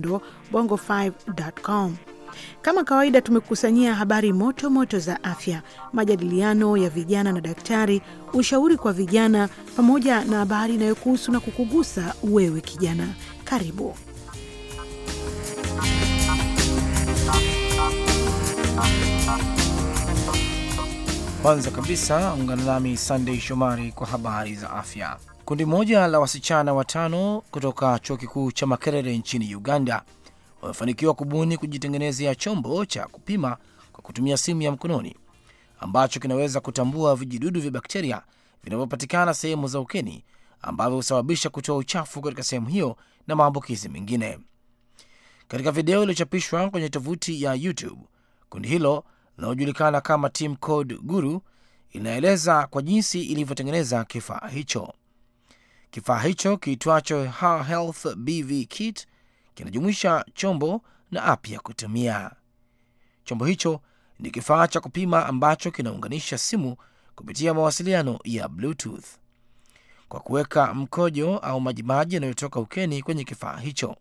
kando bongo5.com. Kama kawaida tumekusanyia habari moto moto za afya, majadiliano ya vijana na daktari, ushauri kwa vijana, pamoja na habari inayokuhusu na kukugusa wewe kijana. Karibu. Kwanza kabisa ungana nami sandey Shomari kwa habari za afya. Kundi moja la wasichana watano kutoka chuo kikuu cha Makerere nchini Uganda wamefanikiwa kubuni kujitengenezea chombo cha kupima kwa kutumia simu ya mkononi ambacho kinaweza kutambua vijidudu vya bakteria vinavyopatikana sehemu za ukeni ambavyo husababisha kutoa uchafu katika sehemu hiyo na maambukizi mengine. Katika video iliyochapishwa kwenye tovuti ya YouTube, kundi hilo linalojulikana kama Team Code Guru inaeleza kwa jinsi ilivyotengeneza kifaa hicho. Kifaa hicho kiitwacho Health BV Kit kinajumuisha chombo na app ya kutumia. Chombo hicho ni kifaa cha kupima ambacho kinaunganisha simu kupitia mawasiliano ya Bluetooth kwa kuweka mkojo au majimaji yanayotoka ukeni kwenye kifaa hicho.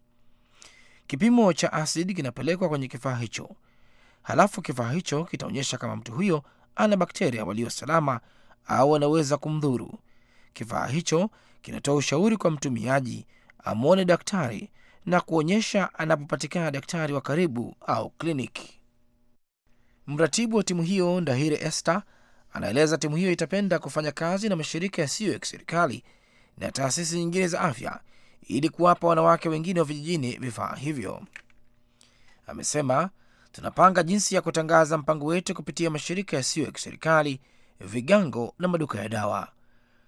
Kipimo cha asidi kinapelekwa kwenye kifaa hicho, halafu kifaa hicho kitaonyesha kama mtu huyo ana bakteria walio salama au anaweza kumdhuru. Kifaa hicho kinatoa ushauri kwa mtumiaji amwone daktari na kuonyesha anapopatikana daktari wa karibu au kliniki. Mratibu wa timu hiyo Ndahire Esther anaeleza timu hiyo itapenda kufanya kazi na mashirika yasiyo ya kiserikali na taasisi nyingine za afya ili kuwapa wanawake wengine wa vijijini vifaa hivyo. Amesema, tunapanga jinsi ya kutangaza mpango wetu kupitia mashirika yasiyo ya kiserikali, vigango na maduka ya dawa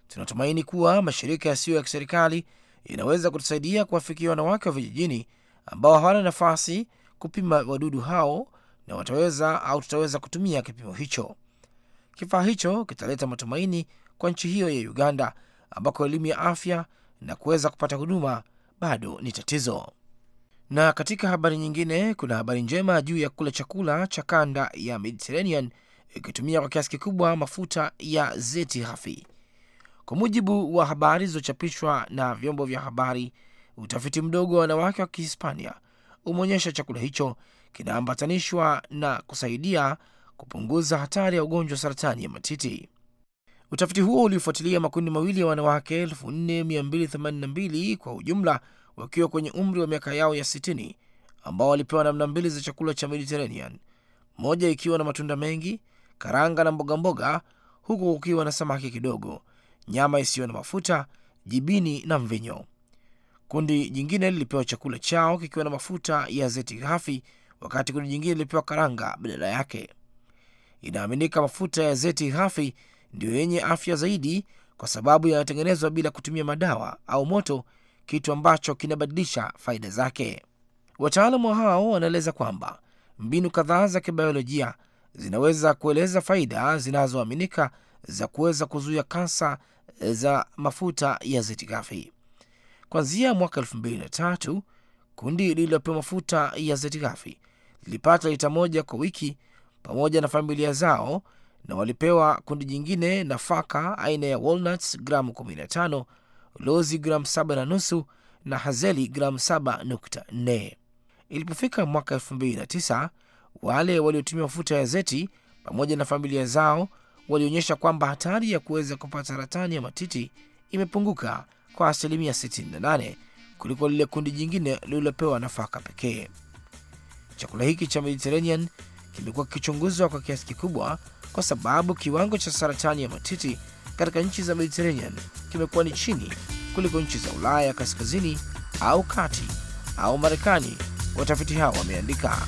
tunatumaini kuwa mashirika yasiyo ya kiserikali yanaweza kutusaidia kuwafikia wanawake wa vijijini ambao hawana nafasi kupima wadudu hao, na wataweza au tutaweza kutumia kipimo hicho. Kifaa hicho kitaleta matumaini kwa nchi hiyo ya Uganda ambako elimu ya afya na kuweza kupata huduma bado ni tatizo. Na katika habari nyingine, kuna habari njema juu ya kula chakula cha kanda ya Mediterranean ikitumia kwa kiasi kikubwa mafuta ya zeti ghafi. Kwa mujibu wa habari zilizochapishwa na vyombo vya habari, utafiti mdogo wa wanawake wa Kihispania umeonyesha chakula hicho kinaambatanishwa na kusaidia kupunguza hatari ya ugonjwa wa saratani ya matiti. Utafiti huo ulifuatilia makundi mawili ya wanawake 4282 kwa ujumla, wakiwa kwenye umri wa miaka yao ya 60, ambao walipewa namna mbili za chakula cha Mediterranean, moja ikiwa na matunda mengi, karanga na mboga mboga, huku kukiwa na samaki kidogo nyama isiyo na mafuta, jibini na mvinyo. Kundi jingine lilipewa chakula chao kikiwa na mafuta ya zeti ghafi, wakati kundi jingine lilipewa karanga badala yake. Inaaminika mafuta ya zeti ghafi ndiyo yenye afya zaidi, kwa sababu yanatengenezwa bila kutumia madawa au moto, kitu ambacho kinabadilisha faida zake. Wataalamu hao wanaeleza kwamba mbinu kadhaa za kibiolojia zinaweza kueleza faida zinazoaminika za kuweza kuzuia kansa eh, za mafuta ya zeti ghafi. kwanzia mwaka elfu mbili na tatu kundi lililopewa mafuta ya zeti ghafi lilipata lita moja kwa wiki pamoja na familia zao, na walipewa kundi jingine nafaka aina ya walnuts gramu 15, lozi gramu saba na nusu na hazeli gramu 7.4. Ilipofika mwaka tisa wale waliotumia mafuta ya zeti pamoja na familia zao walionyesha kwamba hatari ya kuweza kupata saratani ya matiti imepunguka kwa asilimia 68 kuliko lile kundi jingine lililopewa nafaka pekee. Chakula hiki cha Mediterranean kimekuwa kikichunguzwa kwa kiasi kikubwa kwa sababu kiwango cha saratani ya matiti katika nchi za Mediterranean kimekuwa ni chini kuliko nchi za Ulaya kaskazini au kati au Marekani, watafiti hao wameandika.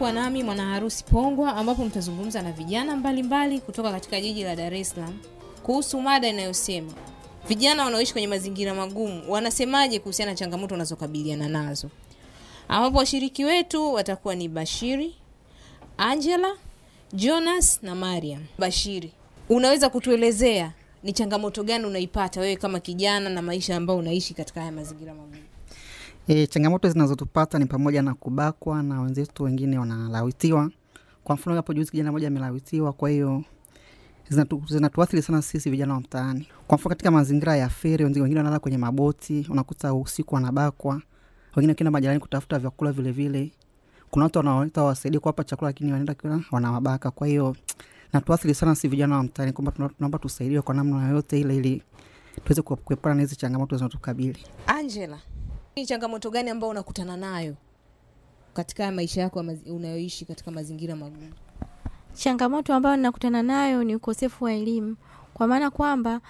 mtakuwa nami Mwana Harusi Pongwa, ambapo mtazungumza na vijana mbalimbali mbali kutoka katika jiji la Dar es Salaam kuhusu mada inayosema vijana wanaoishi kwenye mazingira magumu wanasemaje kuhusiana na changamoto wanazokabiliana nazo, ambapo washiriki wetu watakuwa ni Bashiri, Angela, Jonas na Mariam. Bashiri, unaweza kutuelezea ni changamoto gani unaipata wewe kama kijana na maisha ambayo unaishi katika haya mazingira magumu? E, changamoto zinazotupata ni pamoja na kubakwa na wenzetu wengine wanalawitiwa. Kwa mfano hapo juzi kijana mmoja amelawitiwa, kwa hiyo zinatuathiri sana sisi vijana wa mtaani. Kwa mfano katika mazingira ya feri, wengine wanalala kwenye maboti, unakuta usiku wanabakwa, wengine wakienda majirani kutafuta vyakula vile vile. Kuna watu wanaoita wasaidie kuwapa chakula, lakini wanaenda kila wanawabaka. Kwa hiyo natuathiri sana sisi vijana wa mtaani, kwamba tunaomba tusaidiwe kwa namna yoyote ile, ili tuweze kuepukana na hizi changamoto zinazotukabili. Angela ni changamoto gani ambayo unakutana nayo katika maisha yako unayoishi katika mazingira magumu? Changamoto ambayo ninakutana nayo ni ukosefu wa elimu, kwa maana kwamba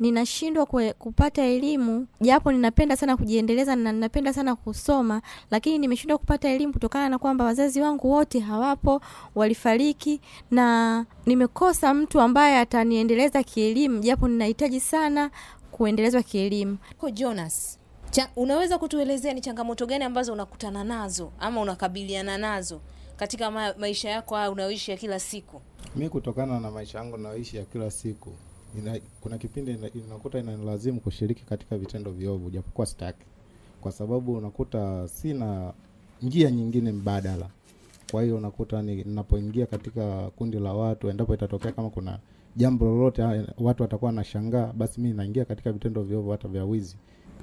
ninashindwa kupata elimu japo ninapenda sana kujiendeleza na ninapenda sana kusoma, lakini nimeshindwa kupata elimu kutokana na kwamba wazazi wangu wote hawapo, walifariki, na nimekosa mtu ambaye ataniendeleza kielimu, japo ninahitaji sana kuendelezwa kielimu. Jonas, cha, unaweza kutuelezea ni changamoto gani ambazo unakutana nazo ama unakabiliana nazo katika ma maisha yako haya unayoishi ya kila siku? Mi kutokana na maisha yangu nayoishi ya kila siku ina, kuna kipindi inakuta ina, inanilazimu kushiriki katika vitendo viovu japokuwa sitaki, kwa sababu unakuta sina njia nyingine mbadala. Kwa hiyo unakuta ninapoingia katika kundi la watu, endapo itatokea kama kuna jambo lolote watu watakuwa na shangaa basi mi naingia katika vitendo viovu hata vya wizi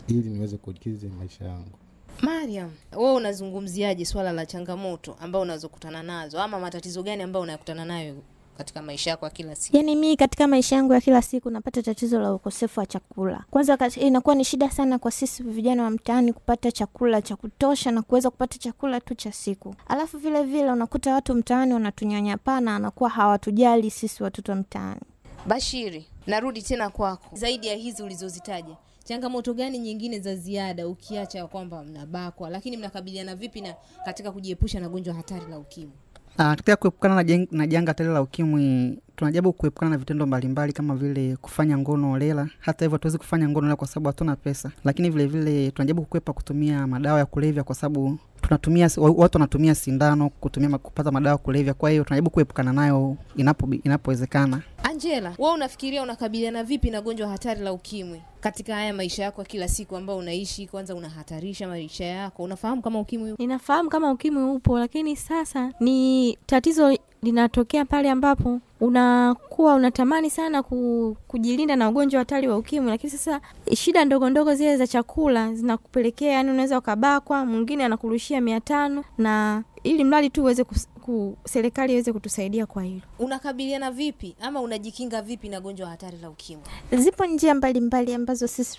ili niweze kujikizi maisha yangu. Mariam, wewe unazungumziaje swala la changamoto ambao unazokutana nazo ama matatizo gani ambayo unayakutana nayo katika maisha yako ya kila siku? yani mi katika maisha yangu ya kila siku napata tatizo la ukosefu wa chakula. Kwanza inakuwa ni shida sana kwa sisi vijana wa mtaani kupata chakula cha kutosha na kuweza kupata chakula tu cha siku. Alafu vile vile unakuta watu mtaani wanatunyanyapaa na anakuwa hawatujali sisi watoto mtaani. Bashiri, narudi tena kwako. Zaidi ya hizi ulizozitaja changamoto gani nyingine za ziada ukiacha kwamba mnabakwa, lakini mnakabiliana vipi na katika kujiepusha na gonjwa hatari la ukimwi? Aa, katika kuepukana na, janga hatari la ukimwi tunajaribu kuepukana na vitendo mbalimbali kama vile kufanya ngono lela Hata hivyo hatuwezi kufanya ngono lela kwa sababu hatuna pesa, lakini vilevile tunajaribu kukwepa kutumia madawa ya kulevya kwa sababu tunatumia watu wanatumia sindano kutumia kupata madawa ya kulevya, kwa hiyo tunajaribu kuepukana nayo inapo inapowezekana. Angela, wewe unafikiria unakabiliana vipi na gonjwa hatari la ukimwi katika haya maisha yako ya kila siku ambao unaishi? Kwanza unahatarisha maisha yako, unafahamu kama ukimwi upo? Ninafahamu kama ukimwi upo, lakini sasa ni tatizo linatokea pale ambapo unakuwa unatamani sana ku, kujilinda na ugonjwa hatari wa ukimwi, lakini sasa shida ndogo ndogo zile za chakula zinakupelekea, yani unaweza ukabakwa, mwingine anakurushia mia tano na ili mradi tu uweze ku, serikali iweze kutusaidia kwa hilo. Unakabiliana vipi ama unajikinga vipi na gonjwa hatari la ukimwi? Zipo njia mbalimbali ambazo sisi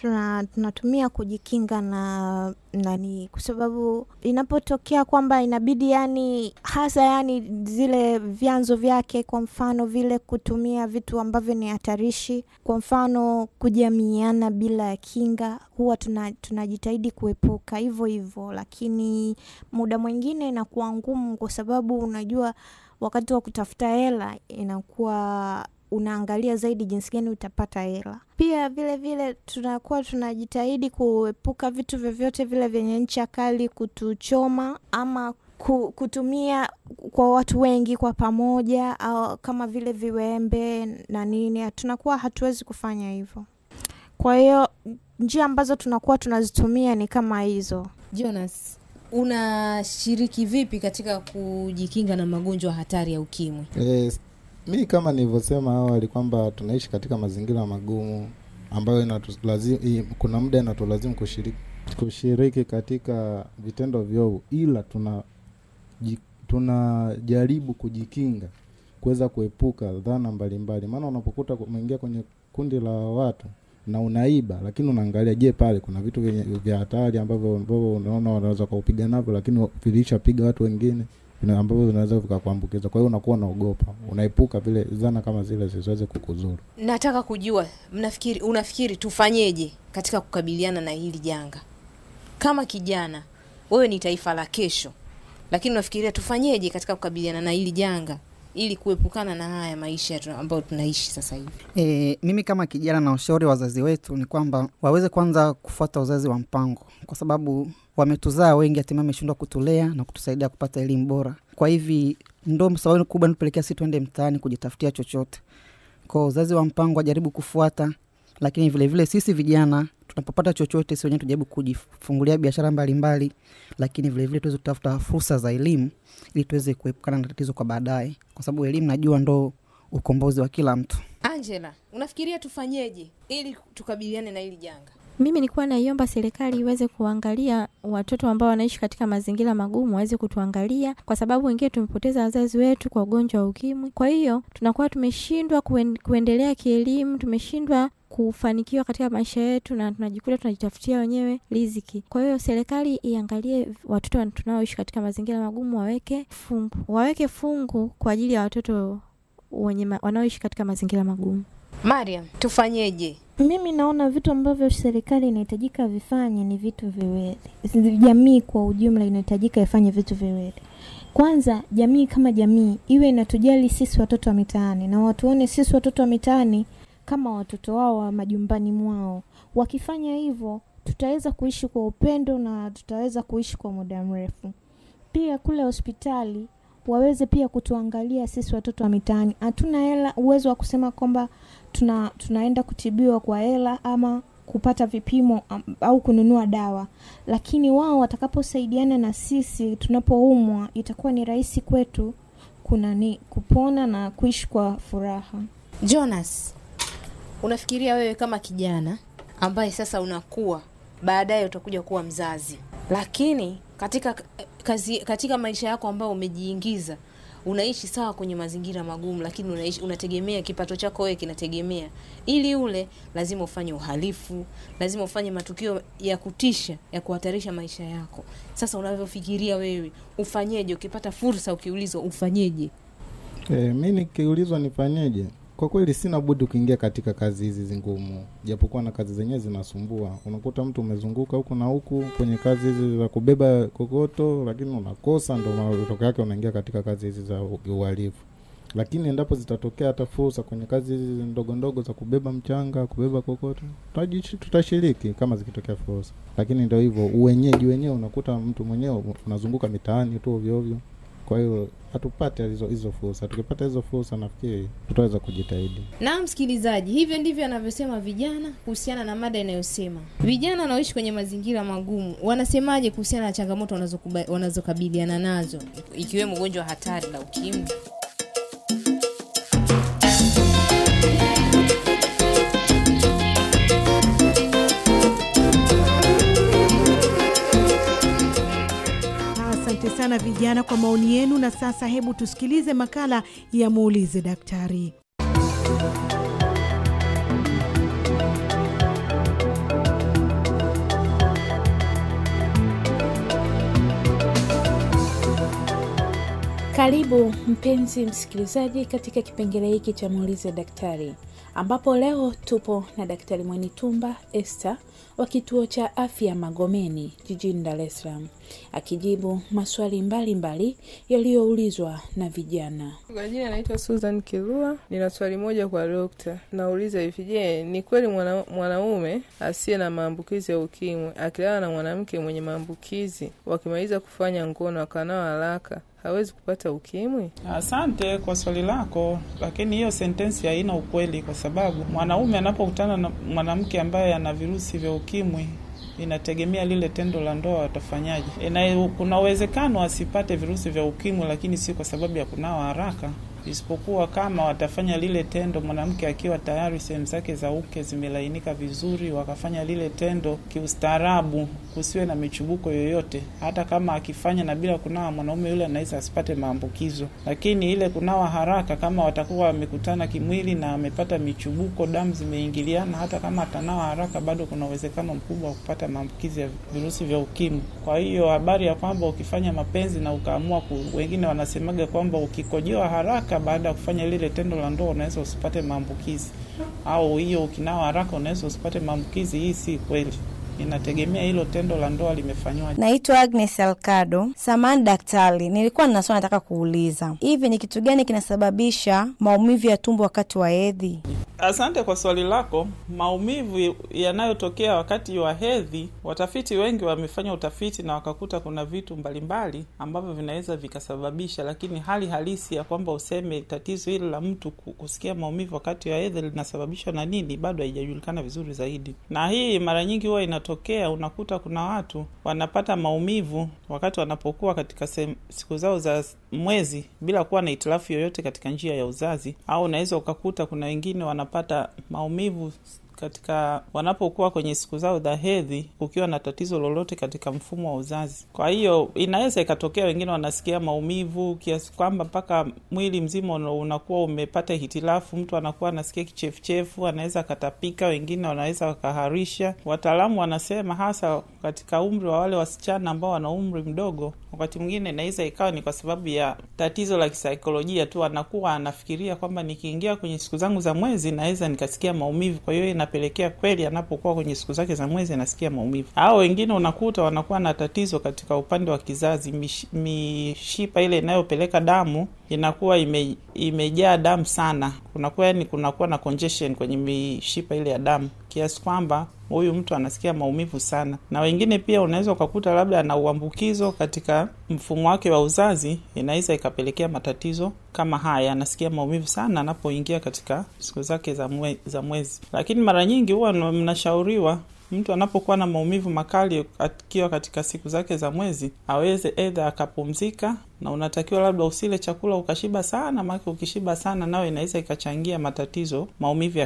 tunatumia kujikinga na nani, kwa sababu inapotokea kwamba inabidi yani, hasa yani zile vyanzo vyake, kwa mfano vile kutumia vitu ambavyo ni hatarishi, kwa mfano kujamiana bila ya kinga, huwa tunajitahidi tuna kuepuka hivyo hivyo, lakini muda mwingine inakuwa ngumu kwa sababu unajua wakati wa kutafuta hela inakuwa unaangalia zaidi jinsi gani utapata hela. Pia vile vile tunakuwa tunajitahidi kuepuka vitu vyovyote vile vyenye ncha kali kutuchoma ama kutumia kwa watu wengi kwa pamoja, au kama vile viwembe na nini, tunakuwa hatuwezi kufanya hivyo. Kwa hiyo njia ambazo tunakuwa tunazitumia ni kama hizo, Jonas unashiriki vipi katika kujikinga na magonjwa hatari ya ukimwi? Yes, eh, mi kama nilivyosema awali kwamba tunaishi katika mazingira magumu ambayo inatulazim, kuna muda inatulazimu kushiriki, kushiriki katika vitendo vyovu, ila tuna tunajaribu kujikinga kuweza kuepuka dhana mbalimbali, maana unapokuta umeingia kwenye kundi la watu na unaiba lakini unaangalia, je, pale kuna vitu vya hatari ambavyo ambavyo unaona wanaweza kaupiga navyo, lakini vilishapiga watu wengine ambavyo vinaweza vikakuambukiza. Kwa hiyo unakuwa unaogopa, unaepuka vile zana kama zile zisiweze kukuzuru. Nataka kujua mnafikiri, unafikiri tufanyeje katika kukabiliana na hili janga? Kama kijana wewe, ni taifa la kesho, lakini unafikiria tufanyeje katika kukabiliana na hili janga? ili kuepukana na haya maisha ambayo tunaishi sasa hivi. E, mimi kama kijana na ushauri wazazi wetu ni kwamba waweze kwanza kufuata uzazi wa mpango, kwa sababu wametuzaa wengi, hatimaye ameshindwa kutulea na kutusaidia kupata elimu bora. Kwa hivi ndo sababu kubwa nipelekea si tuende mtaani kujitafutia chochote. kwao uzazi wa mpango wajaribu kufuata, lakini vilevile vile sisi vijana tunapopata chochote, si wenyewe tujaribu kujifungulia biashara mbalimbali, lakini vilevile tuweze kutafuta fursa za elimu ili tuweze kuepukana na tatizo kwa baadaye, kwa sababu elimu najua ndo ukombozi wa kila mtu. Angela, unafikiria tufanyeje ili tukabiliane na hili janga? Mimi nilikuwa naiomba serikali iweze kuangalia watoto ambao wanaishi katika mazingira magumu waweze kutuangalia, kwa sababu wengine tumepoteza wazazi wetu kwa ugonjwa wa ukimwi. Kwa hiyo tunakuwa tumeshindwa kuen, kuendelea kielimu, tumeshindwa kufanikiwa katika maisha yetu na tunajikuta tunajitafutia wenyewe riziki. Kwa hiyo serikali iangalie watoto tunaoishi katika mazingira magumu, waweke fungu, waweke fungu kwa ajili ya watoto wenye wanaoishi katika mazingira magumu. Mariam, tufanyeje? Mimi naona vitu ambavyo serikali inahitajika vifanye ni vitu viwili. Jamii kwa ujumla inahitajika ifanye vitu viwili. Kwanza, jamii kama jamii iwe inatujali sisi watoto wa mitaani na watuone sisi watoto wa mitaani kama watoto wao wa majumbani mwao. Wakifanya hivyo, tutaweza kuishi kwa upendo na tutaweza kuishi kwa muda mrefu. Pia kule hospitali waweze pia kutuangalia sisi watoto wa mitaani. Hatuna hela uwezo wa kusema kwamba tuna tunaenda kutibiwa kwa hela ama kupata vipimo au kununua dawa, lakini wao watakaposaidiana na sisi tunapoumwa, itakuwa ni rahisi kwetu kunani kupona na kuishi kwa furaha. Jonas, unafikiria wewe kama kijana ambaye sasa unakuwa baadaye utakuja kuwa mzazi, lakini katika, kazi, katika maisha yako ambayo umejiingiza unaishi sawa kwenye mazingira magumu, lakini unaishi, unategemea kipato chako wewe kinategemea, ili ule lazima ufanye uhalifu, lazima ufanye matukio ya kutisha ya kuhatarisha maisha yako. Sasa unavyofikiria wewe ufanyeje ukipata fursa, ukiulizwa ufanyeje? E, mi nikiulizwa nifanyeje kwa kweli sina budi kuingia katika kazi hizi zingumu japokuwa na kazi zenyewe zinasumbua. Unakuta mtu umezunguka huku na huku kwenye kazi hizi za kubeba kokoto, lakini unakosa, ndo matoke yake unaingia katika kazi hizi za uhalifu. Lakini endapo zitatokea hata fursa kwenye kazi hizi ndogo ndogo za kubeba mchanga, kubeba kokoto, tutashiriki kama zikitokea fursa. Lakini ndo hivyo, uwenyeji wenyewe unakuta mtu mwenyewe unazunguka mitaani tu ovyo ovyo. Kwa hiyo hatupate hizo fursa. Tukipata hizo fursa, nafikiri tutaweza kujitahidi. Na msikilizaji, hivyo ndivyo anavyosema vijana kuhusiana na mada inayosema vijana wanaoishi kwenye mazingira magumu wanasemaje kuhusiana na changamoto wanazokabiliana nazo, ikiwemo ugonjwa hatari la ukimwi. na vijana kwa maoni yenu. Na sasa hebu tusikilize makala ya muulize daktari. Karibu mpenzi msikilizaji katika kipengele hiki cha muulize daktari ambapo leo tupo na Daktari Mwenitumba este wa kituo cha afya Magomeni jijini Dar es Salaam akijibu maswali mbalimbali yaliyoulizwa na vijana. Kwa jina anaitwa Susan Kirua. Nina swali moja kwa dokta, nauliza hivi, je, ni kweli mwana, mwanaume asiye na maambukizi ya ukimwi akilala na mwanamke mwenye maambukizi wakimaliza kufanya ngono akanao haraka hawezi kupata ukimwi? Asante kwa swali lako, lakini hiyo sentensi haina ukweli, kwa sababu mwanaume anapokutana na mwanamke ambaye ana virusi vya ukimwi inategemea lile tendo la ndoa watafanyaje. E, kuna uwezekano asipate virusi vya ukimwi, lakini si kwa sababu ya kunawa haraka isipokuwa kama watafanya lile tendo mwanamke akiwa tayari sehemu zake za uke zimelainika vizuri, wakafanya lile tendo kiustaarabu, kusiwe na michubuko yoyote. Hata kama akifanya na bila kunawa, mwanaume yule anaweza asipate maambukizo. Lakini ile kunawa haraka, kama watakuwa wamekutana kimwili na amepata michubuko, damu zimeingiliana, hata kama atanawa haraka, bado kuna uwezekano mkubwa wa kupata maambukizi ya virusi vya ukimwi. Kwa hiyo habari ya kwamba ukifanya mapenzi na ukaamua wengine wanasemaga kwamba ukikojoa haraka hata baada ya kufanya lile tendo la ndoa unaweza usipate maambukizi, au hiyo ukinao haraka unaweza usipate maambukizi. Hii si kweli inategemea hilo tendo la ndoa limefanywa. Naitwa Agnes Alcado. Samani daktari, nilikuwa na swali nataka kuuliza, hivi ni kitu gani kinasababisha maumivu ya tumbo wakati wa hedhi? Asante kwa swali lako. Maumivu yanayotokea wakati wa hedhi, watafiti wengi wamefanya utafiti na wakakuta kuna vitu mbalimbali ambavyo vinaweza vikasababisha, lakini hali halisi ya kwamba useme tatizo hili la mtu kusikia maumivu wakati wa hedhi linasababishwa na nini bado haijajulikana vizuri zaidi, na hii mara nyingi huwa ina inatokea unakuta kuna watu wanapata maumivu wakati wanapokuwa katika siku zao za mwezi bila kuwa na hitirafu yoyote katika njia ya uzazi, au unaweza ukakuta kuna wengine wanapata maumivu katika wanapokuwa kwenye siku zao za hedhi, kukiwa na tatizo lolote katika mfumo wa uzazi. Kwa hiyo inaweza ikatokea, wengine wanasikia maumivu kiasi kwamba mpaka mwili mzima unakuwa umepata hitilafu, mtu anakuwa anasikia kichefuchefu, anaweza akatapika, wengine wanaweza wakaharisha. Wataalamu wanasema hasa katika umri wa wale wasichana ambao wana umri mdogo, wakati mwingine inaweza ikawa ni kwa sababu ya tatizo la kisaikolojia tu, anakuwa anafikiria kwamba nikiingia kwenye siku zangu za mwezi naweza nikasikia maumivu, kwa hiyo inapelekea kweli anapokuwa kwenye siku zake za mwezi anasikia maumivu. Au wengine unakuta wanakuwa na tatizo katika upande wa kizazi, mishipa ile inayopeleka damu inakuwa ime, imejaa damu sana, kunakuwa yani kunakuwa na congestion kwenye mishipa ile ya damu kiasi kwamba huyu mtu anasikia maumivu sana, na wengine pia unaweza ukakuta labda ana uambukizo katika mfumo wake wa uzazi, inaweza ikapelekea matatizo kama haya, anasikia maumivu sana anapoingia katika siku zake za, mwe, za mwezi. Lakini mara nyingi huwa mnashauriwa mtu anapokuwa na maumivu makali akiwa katika siku zake za mwezi aweze edha akapumzika na unatakiwa labda usile chakula ukashiba sana, maake ukishiba sana nayo inaweza ikachangia matatizo, maumivu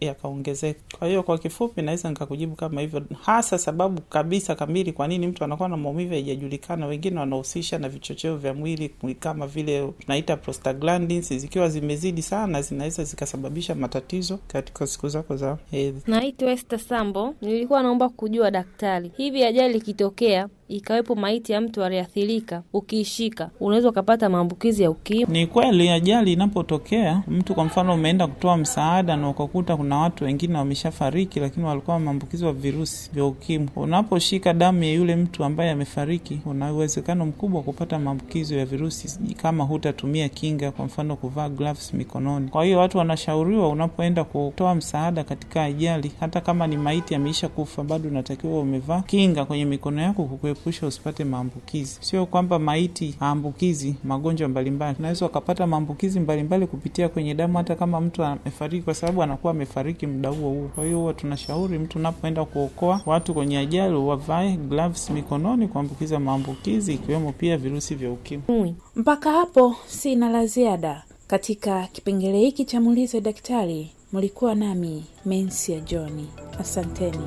yakaongezeka. Kwa hiyo kwa kifupi, naweza nikakujibu kama hivyo, hasa sababu kabisa kamili kwa nini mtu anakuwa na maumivu yaijajulikana Wengine wanahusisha na vichocheo vya mwili kama vile tunaita prostaglandins, zikiwa zimezidi sana zinaweza zikasababisha matatizo katika siku zako za hedhi. Naitwa este Sambo, nilikuwa naomba kujua daktari, hivi ajali ikitokea ikawepo maiti ya mtu aliathirika, ukiishika unaweza ukapata maambukizi ya ukimwi. Ni kweli, ajali inapotokea mtu, kwa mfano, umeenda kutoa msaada na ukakuta kuna watu wengine wameshafariki, lakini walikuwa wa virusi vya ukimwi, unaposhika damu ya yule mtu ambaye amefariki, una uwezekano mkubwa wa kupata maambukizo ya virusi kama hutatumia kinga, kwa mfano, kuvaa gloves mikononi. Kwa hiyo watu wanashauriwa, unapoenda kutoa msaada katika ajali, hata kama ni maiti ameisha kufa, bado unatakiwa umevaa kinga kwenye mikono yako kukuepusha usipate maambukizi. Sio kwamba maiti ambu maambukizi magonjwa mbalimbali. Unaweza ukapata maambukizi mbalimbali kupitia kwenye damu, hata kama mtu amefariki, kwa sababu anakuwa amefariki muda huo huo. Kwa hiyo huwa tunashauri mtu unapoenda kuokoa watu kwenye ajali wavae gloves mikononi kuambukiza maambukizi ikiwemo pia virusi vya ukimwi. Mpaka hapo sina la ziada katika kipengele hiki cha Muulize Daktari. Mlikuwa nami Mensia Johni, asanteni.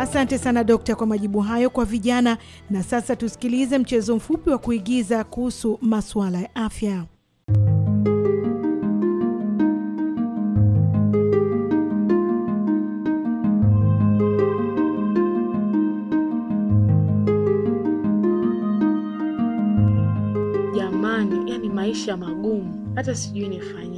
Asante sana dokta kwa majibu hayo kwa vijana. Na sasa tusikilize mchezo mfupi wa kuigiza kuhusu masuala ya afya. Jamani, yani maisha magumu, hata sijui nifanye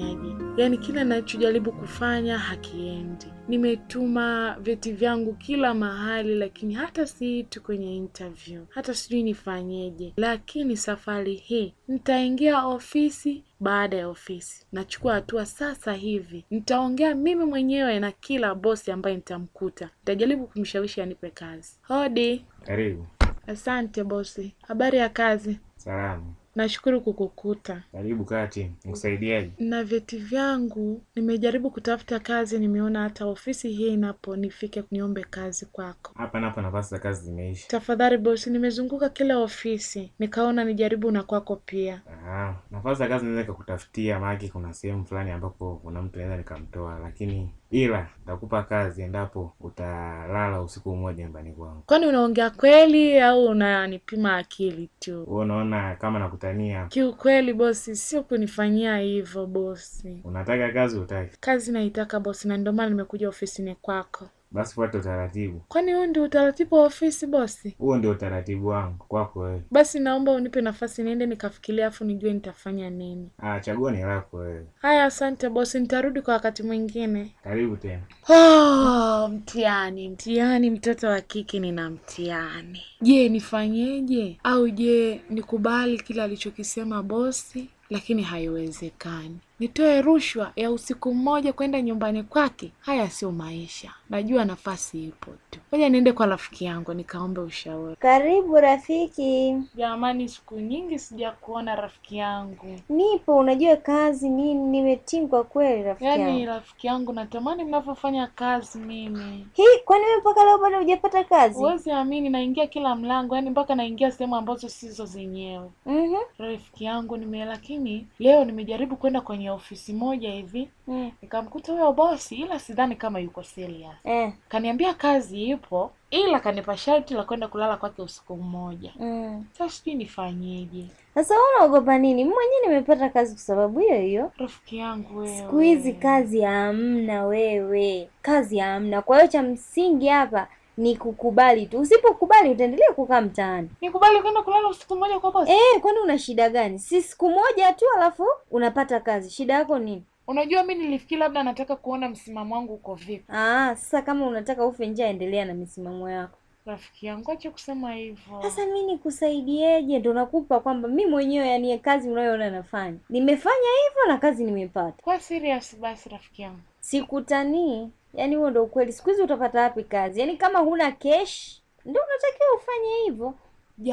yaani kila nachojaribu kufanya hakiendi. Nimetuma vyeti vyangu kila mahali, lakini hata siitu kwenye interview, hata sijui nifanyeje. Lakini safari hii nitaingia ofisi baada ya ofisi, nachukua hatua sasa hivi. Nitaongea mimi mwenyewe na kila bosi ambaye nitamkuta, nitajaribu kumshawishi anipe kazi. Hodi. Karibu. Asante bosi, habari ya kazi? Salamu. Nashukuru kukukuta. Karibu Kati, nikusaidiaje? Na vyeti vyangu, nimejaribu kutafuta kazi, nimeona hata ofisi hii inapo nifike niombe kazi kwako. Hapa napo nafasi za kazi zimeisha. Tafadhali bosi, nimezunguka kila ofisi nikaona nijaribu na kwako pia. Ah, nafasi za kazi naweza ikakutafutia maana kuna sehemu fulani ambapo kuna mtu naweza nikamtoa, lakini ila nitakupa kazi endapo utalala usiku mmoja nyumbani kwangu. Kwani unaongea kweli au unanipima akili tu? Wewe unaona kama nakutania? Kiukweli bosi, sio kunifanyia hivyo bosi. Unataka kazi utaki? Kazi naitaka bosi, na ndio maana nimekuja ofisini kwako. Basi fuata utaratibu. Kwani huo ndio utaratibu wa ofisi bosi? Huo ndio utaratibu wangu kwako wewe. Basi naomba unipe nafasi niende nikafikiria, afu nijue nitafanya nini. Ah, chaguo ni lako wewe. Haya, asante bosi, nitarudi kwa wakati mwingine. Karibu tena. Oh, mtihani mtihani, mtoto wa kike nina mtihani. Je, nifanyeje? Au je nikubali kile alichokisema bosi? Lakini haiwezekani nitoe rushwa ya usiku mmoja kwenda nyumbani kwake? Haya sio maisha, najua nafasi ipo tu. Ngoja niende kwa rafiki yangu nikaombe ushauri. Karibu rafiki. Jamani, siku nyingi sijakuona rafiki yangu. Nipo, unajua kazi nini, nimetingwa kweli rafiki yaani yangu. Yaani rafiki yangu, natamani mnavyofanya kazi mimi. hi kwani wewe mpaka leo bado hujapata kazi? Huwezi amini, naingia kila mlango, yaani mpaka naingia sehemu ambazo sizo zenyewe. mm -hmm. rafiki yangu nime, lakini leo nimejaribu kwenda kwenye ofisi moja hivi mm. nikamkuta huyo bosi, ila sidhani kama yuko serious mm. Kaniambia kazi ipo, ila kanipa sharti la kwenda kulala kwake usiku mmoja mm. sa sijui nifanyeje. Sasa unaogopa nini? Mwenyewe nimepata kazi kwa sababu hiyo hiyo. Rafiki yangu wewe, siku hizi kazi hamna, wewe kazi hamna. Kwa hiyo cha msingi hapa ni kukubali tu. Usipokubali utaendelea kukaa mtaani. Nikubali kwenda kulala usiku mmoja kwa bosi? Eh, kwani una shida gani? Si siku moja tu alafu unapata kazi. Shida yako nini? Unajua, mi nilifikiri labda nataka kuona msimamo wangu uko vipi. Ah, sasa kama unataka ufe njaa, endelea na misimamo yako rafiki yangu, acha kusema hivyo. Sasa mi nikusaidieje? Ndo nakupa kwamba mi mwenyewe, yani kazi unayoona nafanya, nimefanya hivyo na kazi nimepata. Kwa serious basi, rafiki yangu, sikutanii Yaani huo ndio ukweli. Siku hizi utapata wapi kazi? Yaani kama huna cash ndio unatakiwa ufanye hivyo.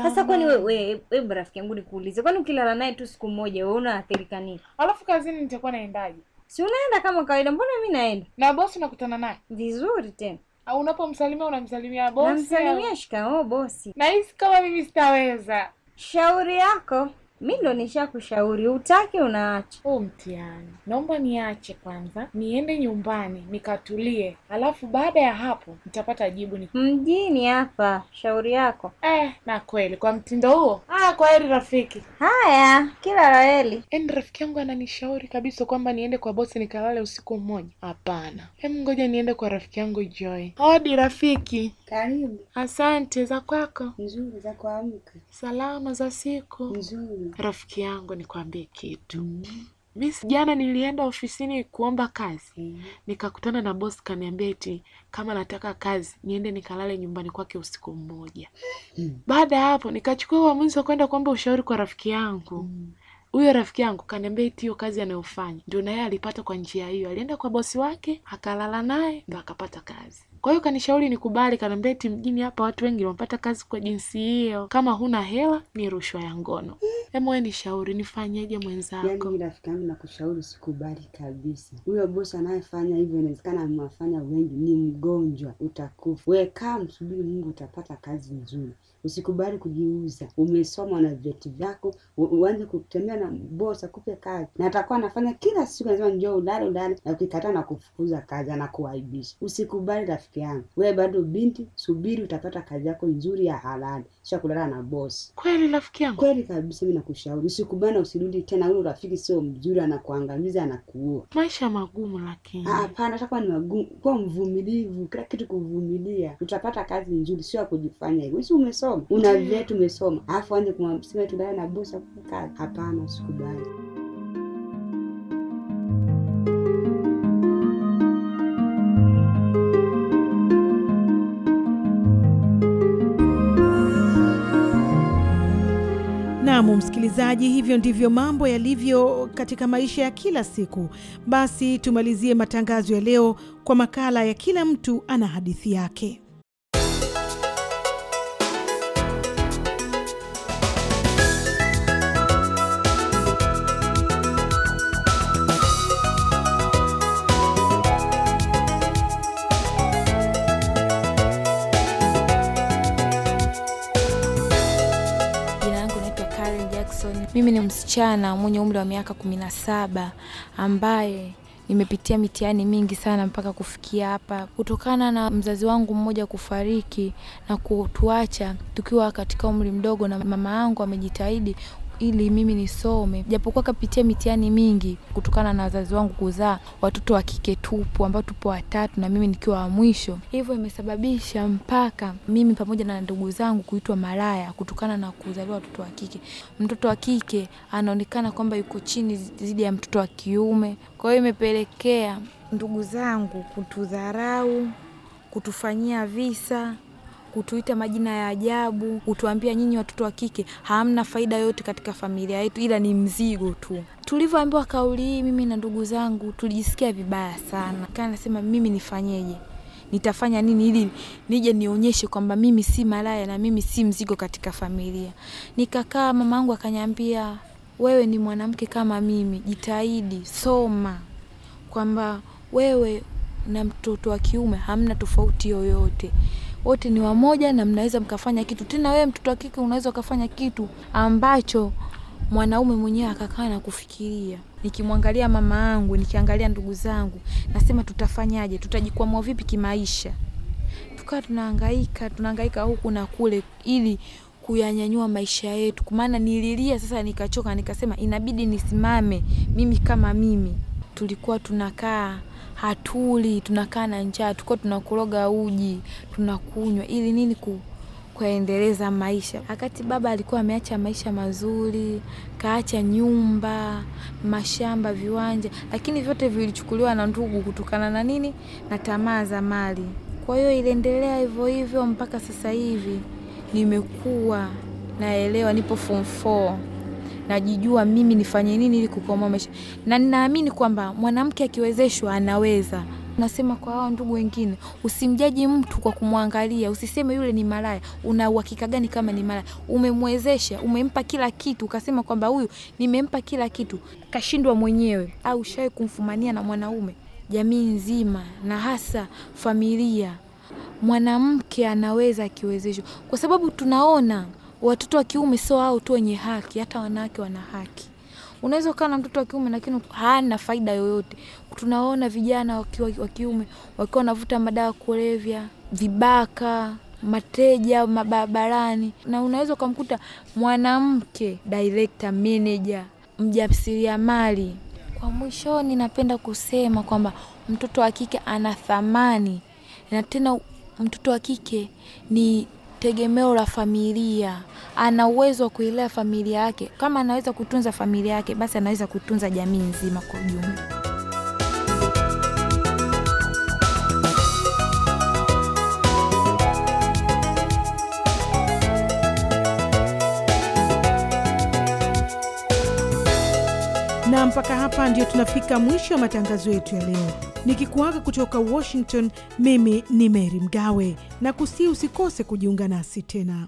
Sasa kwani wewe wewe rafiki yangu nikuulize, kwani ukilala naye tu siku moja wewe unaathirika nini? Alafu kazini nitakuwa naendaje? Si unaenda kama kawaida, mbona mimi naenda? Na bosi nakutana naye. Vizuri tena. Au ah, unapomsalimia unamsalimia bosi. Namsalimia shikamoo bosi. Na kama mimi sitaweza. Shauri yako. Mi ndo kushauri utaki unaacha. Oh, mtiani naomba niache kwanza, niende nyumbani nikatulie, alafu baada ya hapo nitapata jibu ni... mjini hapa. Shauri yako eh. Na kweli kwa mtindo huo. aya ah, kwa heri rafiki. Haya, kila la heri. Yaani rafiki yangu ananishauri kabisa kwamba niende kwa bosi nikalale usiku mmoja? Hapana, hemu ngoja niende kwa rafiki yangu Joy. Hodi rafiki. Karibu. Asante. Za kwako? Nzuri. Za kuamka? Salama. Za siku? Nzuri. Rafiki yangu, nikwambie kitu mm -hmm. jana nilienda ofisini kuomba kazi mm. Nikakutana na boss kaniambia eti kama nataka kazi niende nikalale nyumbani kwake usiku mmoja mm. Baada ya hapo nikachukua uamuzi wa kwenda kuomba ushauri kwa rafiki yangu mm huyo rafiki yangu kaniambia eti hiyo kazi anayofanya ndio naye alipata kwa njia hiyo, alienda kwa bosi wake akalala naye ndo akapata kazi. Kwa hiyo kanishauri nikubali, kaniambia eti mjini hapa watu wengi wamepata kazi kwa jinsi hiyo, kama huna hela ni rushwa ya ngono. Hemu ni nishauri nifanyeje mwenzako? Yaani rafiki yangu nakushauri sikubali kabisa. Huyo bosi anayefanya hivyo inawezekana amewafanya wengi, ni mgonjwa, utakufa. Wewe kaa msubiri Mungu, utapata kazi nzuri. Usikubali kujiuza. Umesoma na vyeti vyako, uanze kutembea na bosi akupe kazi, na atakuwa anafanya kila siku, anasema njoo ulale ulale, na ukikataa na kufukuza kazi, anakuaibisha. Usikubali rafiki yangu, wewe bado binti, subiri, utapata kazi yako nzuri ya halali, sio kulala na bosi. Kweli rafiki yangu, kweli kabisa, mimi nakushauri usikubali na usirudi tena. Huyo rafiki sio mzuri, anakuangamiza, anakuua. Maisha magumu, lakini hapana, atakuwa ni magumu. Kuwa mvumilivu, kila kitu kuvumilia, utapata kazi nzuri, sio ya kujifanya hivi. si umesoma tumesoma, una mm. vile tumesoma, alafu anze kumsema tumbaya na busa kazi. Hapana, usikubali. Naam, msikilizaji, hivyo ndivyo mambo yalivyo katika maisha ya kila siku. Basi tumalizie matangazo ya leo kwa makala ya kila mtu ana hadithi yake. Jackson. Mimi ni msichana mwenye umri wa miaka kumi na saba ambaye nimepitia mitihani mingi sana mpaka kufikia hapa, kutokana na mzazi wangu mmoja kufariki na kutuacha tukiwa katika umri mdogo, na mama yangu amejitahidi ili mimi nisome, japokuwa kapitia mitihani mingi kutokana na wazazi wangu kuzaa watoto wa kike tupu, ambao tupo watatu na mimi nikiwa wa mwisho. Hivyo imesababisha mpaka mimi pamoja na ndugu zangu kuitwa malaya kutokana na kuzaliwa watoto wa kike. Mtoto wa kike anaonekana kwamba yuko chini zidi ya mtoto wa kiume, kwa hiyo imepelekea ndugu zangu kutudharau, kutufanyia visa kutuita majina ya ajabu, kutuambia nyinyi watoto wa kike hamna faida yote katika familia yetu, ila ni mzigo tu. Tulivyoambiwa kauli hii, mimi na ndugu zangu tulijisikia vibaya sana. Kana nasema mimi nifanyeje? Nitafanya nini ili nije nionyeshe kwamba mimi si malaya na mimi si mzigo katika familia? Nikakaa, mamangu akanyambia, wewe ni mwanamke kama mimi, jitahidi, soma, kwamba wewe na mtoto wa kiume hamna tofauti yoyote wote ni wamoja na mnaweza mkafanya kitu. Tena wewe mtoto wa kike unaweza ukafanya kitu ambacho mwanaume mwenyewe akakaa na kufikiria. Nikimwangalia mama yangu, nikiangalia ndugu zangu, nasema tutafanyaje? Tutajikwamua vipi kimaisha? Tukawa tunahangaika, tunahangaika huku na kule ili kuyanyanyua maisha yetu. Kwa maana nililia sasa, nikachoka, nikasema inabidi nisimame mimi kama mimi. Tulikuwa tunakaa hatuli, tunakaa na njaa, tuko tunakuroga uji tunakunywa ili nini ku kuendeleza maisha. Wakati baba alikuwa ameacha maisha mazuri, kaacha nyumba, mashamba, viwanja, lakini vyote vilichukuliwa na ndugu kutokana na nini? Na tamaa za mali. Kwa hiyo iliendelea hivyo hivyo mpaka sasa hivi nimekuwa naelewa, nipo form najijua mimi nifanye nini ili kukomoa maisha, na ninaamini kwamba mwanamke akiwezeshwa anaweza. Nasema kwa hao ndugu wengine, usimjaji mtu kwa kumwangalia, usiseme yule ni malaya. Una uhakika gani kama ni malaya? Umemwezesha, umempa kila kitu, ukasema kwamba huyu nimempa kila kitu, kashindwa mwenyewe. Au ushawahi kumfumania na mwanaume? Jamii nzima na hasa familia, mwanamke anaweza akiwezeshwa, kwa sababu tunaona watoto wa kiume sio wao tu wenye haki, hata wanawake wana haki. Unaweza ukawa na mtoto wa kiume lakini hana faida yoyote. Tunaona vijana wa kiume wakiwa wanavuta madawa kulevya, vibaka, mateja mabarabarani, na unaweza ukamkuta mwanamke director, manager, mjasiriamali. Kwa mwisho, ninapenda kusema kwamba mtoto wa kike ana thamani na tena mtoto wa kike ni tegemeo la familia, ana uwezo wa kuilea familia yake. Kama anaweza kutunza familia yake, basi anaweza kutunza jamii nzima kwa ujumla. mpaka hapa ndio tunafika mwisho wa matangazo yetu ya leo, nikikuaga kutoka Washington. Mimi ni Meri Mgawe na kusii, usikose kujiunga nasi tena.